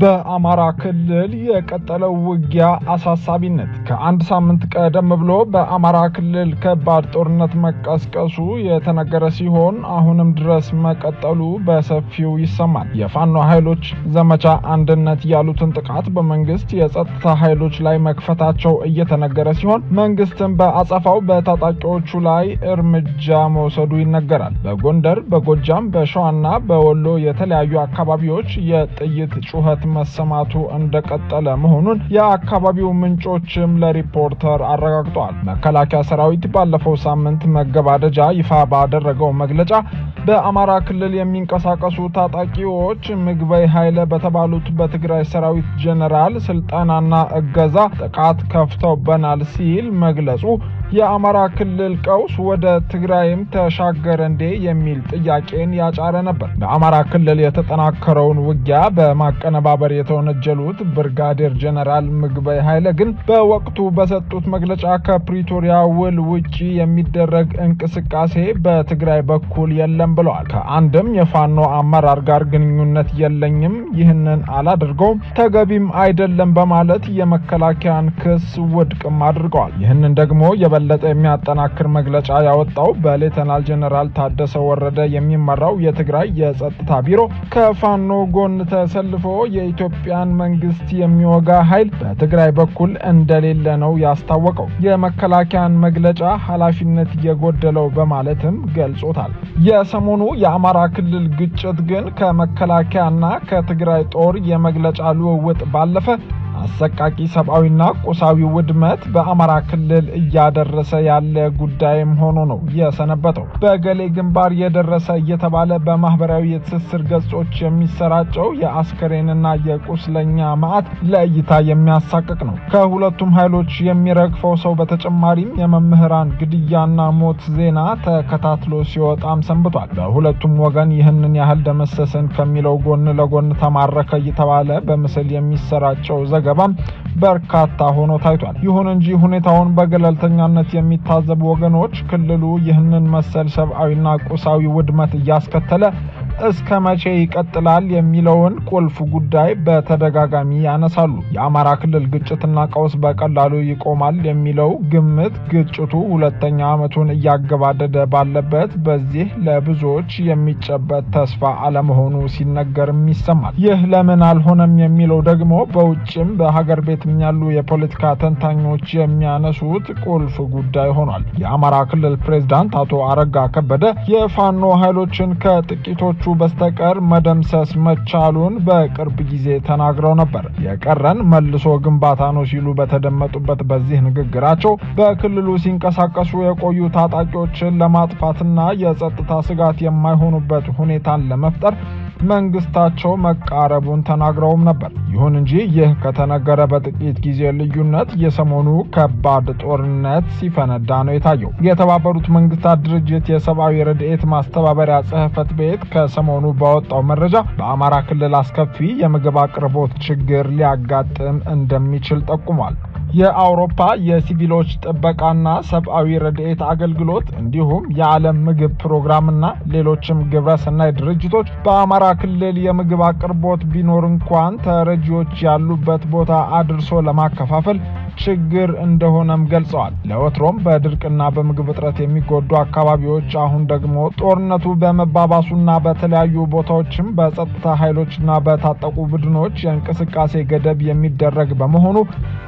በአማራ ክልል የቀጠለው ውጊያ አሳሳቢነት ከአንድ ሳምንት ቀደም ብሎ በአማራ ክልል ከባድ ጦርነት መቀስቀሱ የተነገረ ሲሆን አሁንም ድረስ መቀጠሉ በሰፊው ይሰማል። የፋኖ ኃይሎች ዘመቻ አንድነት ያሉትን ጥቃት በመንግስት የጸጥታ ኃይሎች ላይ መክፈታቸው እየተነገረ ሲሆን መንግስትም በአጸፋው በታጣቂዎቹ ላይ እርምጃ መውሰዱ ይነገራል። በጎንደር፣ በጎጃም፣ በሸዋና በወሎ የተለያዩ አካባቢዎች የጥይት ጩኸት መሰማቱ እንደቀጠለ መሆኑን የአካባቢው ምንጮችም ለሪፖርተር አረጋግጠዋል። መከላከያ ሰራዊት ባለፈው ሳምንት መገባደጃ ይፋ ባደረገው መግለጫ በአማራ ክልል የሚንቀሳቀሱ ታጣቂዎች ምግበይ ኃይለ በተባሉት በትግራይ ሰራዊት ጄኔራል ስልጠናና እገዛ ጥቃት ከፍተውበናል ሲል መግለጹ የአማራ ክልል ቀውስ ወደ ትግራይም ተሻገረ እንዴ የሚል ጥያቄን ያጫረ ነበር። በአማራ ክልል የተጠናከረውን ውጊያ በማቀነባበር የተወነጀሉት ብርጋዴር ጀነራል ምግበይ ኃይለ ግን በወቅቱ በሰጡት መግለጫ ከፕሪቶሪያ ውል ውጪ የሚደረግ እንቅስቃሴ በትግራይ በኩል የለም ብለዋል። ከአንድም የፋኖ አመራር ጋር ግንኙነት የለኝም፣ ይህንን አላደርገውም፣ ተገቢም አይደለም በማለት የመከላከያን ክስ ውድቅም አድርገዋል። ይህንን ደግሞ የበ የበለጠ የሚያጠናክር መግለጫ ያወጣው በሌተናል ጀነራል ታደሰ ወረደ የሚመራው የትግራይ የጸጥታ ቢሮ ከፋኖ ጎን ተሰልፎ የኢትዮጵያን መንግስት የሚወጋ ኃይል በትግራይ በኩል እንደሌለ ነው ያስታወቀው። የመከላከያን መግለጫ ኃላፊነት የጎደለው በማለትም ገልጾታል። የሰሞኑ የአማራ ክልል ግጭት ግን ከመከላከያና ከትግራይ ጦር የመግለጫ ልውውጥ ባለፈ አሰቃቂ ሰብአዊና ቁሳዊ ውድመት በአማራ ክልል እያደረሰ ያለ ጉዳይም ሆኖ ነው የሰነበተው። በገሌ ግንባር የደረሰ እየተባለ በማህበራዊ የትስስር ገጾች የሚሰራጨው የአስከሬንና የቁስለኛ ማዕት ለእይታ የሚያሳቅቅ ነው። ከሁለቱም ኃይሎች የሚረግፈው ሰው በተጨማሪም የመምህራን ግድያና ሞት ዜና ተከታትሎ ሲወጣም ሰንብቷል። በሁለቱም ወገን ይህንን ያህል ደመሰስን ከሚለው ጎን ለጎን ተማረከ እየተባለ በምስል የሚሰራጨው ዘገባ ዘገባም በርካታ ሆኖ ታይቷል። ይሁን እንጂ ሁኔታውን በገለልተኛነት የሚታዘቡ ወገኖች ክልሉ ይህንን መሰል ሰብአዊና ቁሳዊ ውድመት እያስከተለ እስከ መቼ ይቀጥላል የሚለውን ቁልፍ ጉዳይ በተደጋጋሚ ያነሳሉ። የአማራ ክልል ግጭትና ቀውስ በቀላሉ ይቆማል የሚለው ግምት ግጭቱ ሁለተኛ ዓመቱን እያገባደደ ባለበት በዚህ ለብዙዎች የሚጨበት ተስፋ አለመሆኑ ሲነገርም ይሰማል። ይህ ለምን አልሆነም የሚለው ደግሞ በውጭም በሀገር ቤትም ያሉ የፖለቲካ ተንታኞች የሚያነሱት ቁልፍ ጉዳይ ሆኗል። የአማራ ክልል ፕሬዝዳንት አቶ አረጋ ከበደ የፋኖ ኃይሎችን ከጥቂቶች በስተቀር መደምሰስ መቻሉን በቅርብ ጊዜ ተናግረው ነበር። የቀረን መልሶ ግንባታ ነው ሲሉ በተደመጡበት በዚህ ንግግራቸው በክልሉ ሲንቀሳቀሱ የቆዩ ታጣቂዎችን ለማጥፋትና የጸጥታ ስጋት የማይሆኑበት ሁኔታን ለመፍጠር መንግስታቸው መቃረቡን ተናግረውም ነበር። ይሁን እንጂ ይህ ከተነገረ በጥቂት ጊዜ ልዩነት የሰሞኑ ከባድ ጦርነት ሲፈነዳ ነው የታየው። የተባበሩት መንግስታት ድርጅት የሰብአዊ ረድኤት ማስተባበሪያ ጽህፈት ቤት ከሰሞኑ ባወጣው መረጃ በአማራ ክልል አስከፊ የምግብ አቅርቦት ችግር ሊያጋጥም እንደሚችል ጠቁሟል። የአውሮፓ የሲቪሎች ጥበቃና ሰብአዊ ረድኤት አገልግሎት እንዲሁም የዓለም ምግብ ፕሮግራምና ሌሎችም ግብረሰናይ ድርጅቶች በአማራ ክልል የምግብ አቅርቦት ቢኖር እንኳን ተረጂዎች ያሉበት ቦታ አድርሶ ለማከፋፈል ችግር እንደሆነም ገልጸዋል። ለወትሮም በድርቅና በምግብ እጥረት የሚጎዱ አካባቢዎች አሁን ደግሞ ጦርነቱ በመባባሱና በተለያዩ ቦታዎችም በጸጥታ ኃይሎችና በታጠቁ ቡድኖች የእንቅስቃሴ ገደብ የሚደረግ በመሆኑ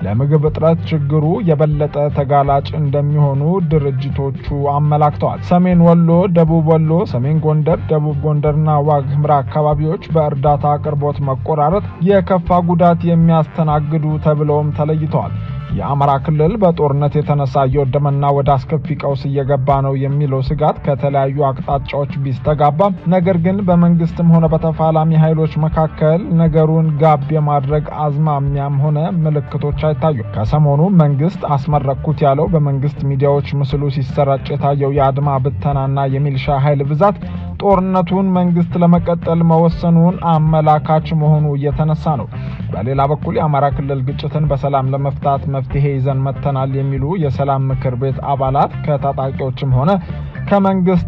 ለምግብ እጥረት ችግሩ የበለጠ ተጋላጭ እንደሚሆኑ ድርጅቶቹ አመላክተዋል። ሰሜን ወሎ፣ ደቡብ ወሎ፣ ሰሜን ጎንደር፣ ደቡብ ጎንደርና ዋግ ህምራ አካባቢዎች በእርዳታ አቅርቦት መቆራረጥ የከፋ ጉዳት የሚያስተናግዱ ተብለውም ተለይተዋል። የአማራ ክልል በጦርነት የተነሳ እየወደመና ወደ አስከፊ ቀውስ እየገባ ነው የሚለው ስጋት ከተለያዩ አቅጣጫዎች ቢስተጋባ፣ ነገር ግን በመንግስትም ሆነ በተፋላሚ ኃይሎች መካከል ነገሩን ጋብ የማድረግ አዝማሚያም ሆነ ምልክቶች አይታዩ። ከሰሞኑ መንግስት አስመረኩት ያለው በመንግስት ሚዲያዎች ምስሉ ሲሰራጭ የታየው የአድማ ብተናና የሚልሻ ኃይል ብዛት ጦርነቱን መንግስት ለመቀጠል መወሰኑን አመላካች መሆኑ እየተነሳ ነው። በሌላ በኩል የአማራ ክልል ግጭትን በሰላም ለመፍታት መፍትሄ ይዘን መጥተናል የሚሉ የሰላም ምክር ቤት አባላት ከታጣቂዎችም ሆነ ከመንግስት